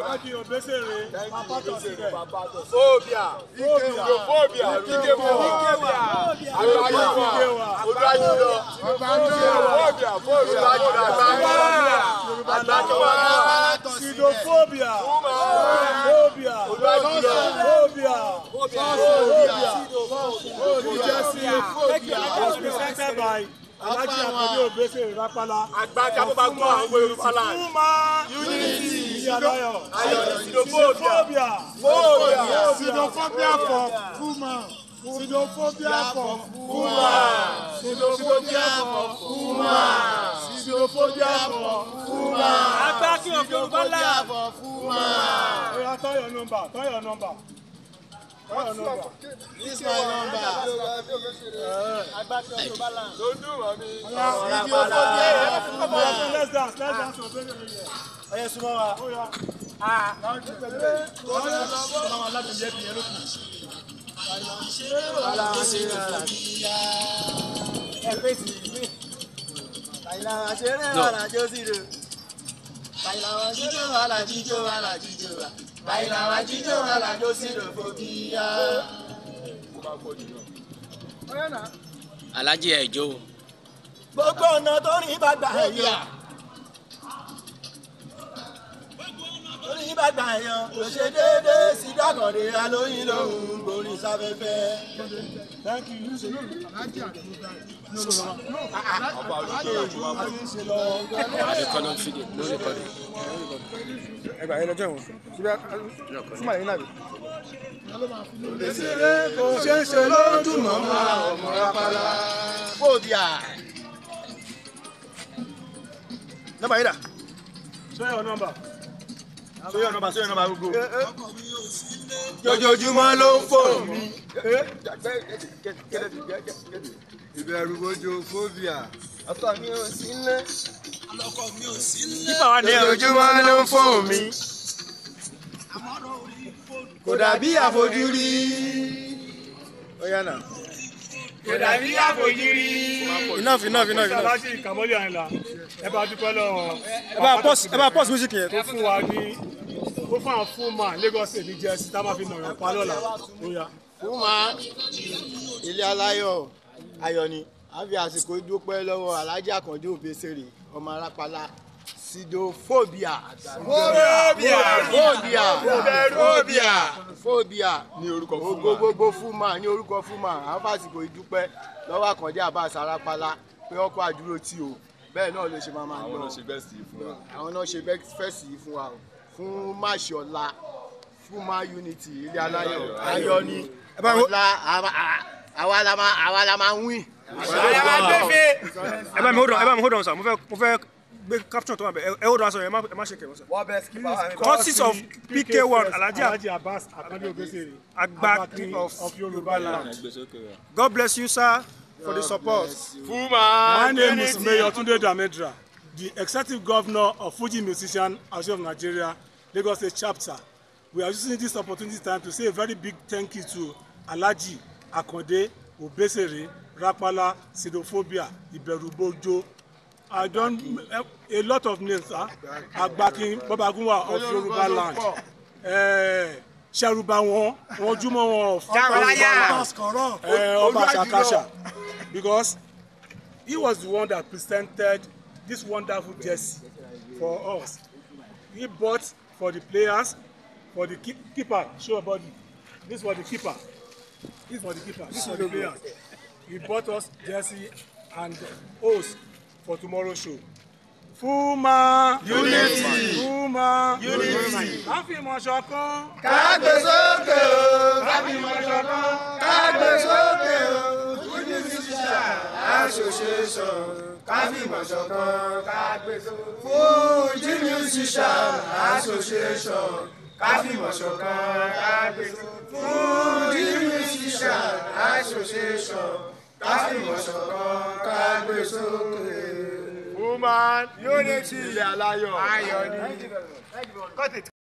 Báàgì òbésèrè. Bàbá tó síbẹ̀. Fóòbíà. Ikewa. Fóòbíà. Ikewa. Ikewa. Àgbáyé wa. Olúwàjú rápálá. Adebayo. Xenophobia. Xenophobia for Puma. Xenophobia for Puma. Xenophobia for Puma. Xenophobia for Puma. Agbákin of Yorùbá láàbọ̀ Puma. Oya tọ́ your number, tọ́ your number. What's your number? This is my number. Don't do, I mean. Now, if you're Come on, let's dance, let's dance for a minute. Oh, yes, Mama. Oh, yeah. Ah, now you're going to go. Mama, let me get you. Baila wa ṣeré wa la jó sí ro. Baila wa ṣeré wa la jíjó wa la jíjó bàyìnà wa jíjọ wa làjọ sí lòfò kíyà. alájí ẹjọ́. gbogbo ọ̀nà tó rìn bá gbà ẹ̀yà. orí bá gbà yan kò ṣe déédéé sí dákọ̀dé alóyin lòun gbòòrìn sáfẹ́fẹ́. Ah, ah, ọba yẹn lọ́jọ́ ìwọ̀n síbẹ̀ súnmọ́ yẹn náà bí. olùsèré kò ṣeé ṣe lójú mọ́mọ́ ọmọ rápálá. bóòdì à. nọ́mbà yìí dà. sọ yà wọ sóyè ọ̀nà sóyè ọ̀nà gbogbo. Eh, eh. jọjọjúmọ́ ló ń fò mí. ìbẹ̀rù bojo fóbíà. ọkọ mi ò sí nílé. ọkọ mi ò sí nílé. jọjọjúmọ́ ló ń fò mí. kò dàbí àfojúrí. ó yànnà kò dàbí àfojúrí. enough enough enough enough. salasi kamoli anila ẹ bá dúpẹ́ lọ́wọ́. ẹ bá pause ẹ bá pause music yẹn. tó fún wa ní tó fún àwọn fún ma Lagos State ní jẹ́sí tá a máa fi nàrọ̀ pa lọ́la ó yá. fún ma ilé aláyọ̀ ayọ̀ ni a fi àsìkò dúpẹ́ lọ́wọ́ alájà kan dúró bẹ́sẹ̀ rè ọmọ arápálá sidophobia. phobia phobia phobia phobia ní orúkọ fúnma gbogbogbò fúnma ní orúkọ fúnma àwọn fásitì ìdúpẹ́ lọ́wọ́ àkàndé àbá sarapala pé ọkọ̀ àdúró tí o bẹ́ẹ̀ náà ló ṣe máa máa lọ àwọn náà ṣe bẹ́ẹ̀sì yìí fún wa àwọn náà ṣe bẹ́ẹ̀sì yìí fún wa o fún máṣọlá fún má unity ilé aláyọ̀ ayọ̀ ni ọlá àwa la máa àwa la máa ń wí. ẹ bá mi hold on ẹ bá mi hold on sir mo fẹ́ mo fẹ́ gbé caption tó wà bẹ́ẹ̀ ẹ ó dọ̀ aṣọ yẹn ẹ má ṣe kẹ̀wọ́ sọ. wọ́n bẹ skip our enemy. causes of PK1 Alhaji Alhaji Abbas Akande Ogesere agbaki of Yoruba land. God bless you sir for the support. Fuma My name is Mayor Tunde Damedra, the executive governor of Fuji Musician Association of Nigeria, Lagos State Chapter. We are using this opportunity time to say a very big thank you to Alhaji Akande Ogesere Rapala Sidophobia Iberubojo. I don't a lot of names ah Agbakin Babagunwa of Yoruba land eh, ṣẹrùbà wọn wọn júmọ wọn ọfọ ọba Sakasa because he was the one that presented this wonderful jersey for us he bought for the players for the keep, keeper show body this was the keeper this was the keeper this was the players he bought us jersey and hose for tomorrow show. Fuma. Unity. Fuma. Unity. Káfíìmọ̀ ṣọ̀kan. Kágbé sókè o. Káfíìmọ̀ ṣọ̀kan. Kágbé sókè o. Unity Teacher Association. Káfíìmọ̀ ṣọ̀kan. Kágbé sókè. Unity Teacher Association. Káfíìmọ̀ ṣọ̀kan. Kágbé sókè. Unity Teacher Association. Káfíìmọ̀ ṣọ̀kan. Kágbé sókè woman. Unity. Ilé aláyọ̀. Ayọ̀ ni. Cut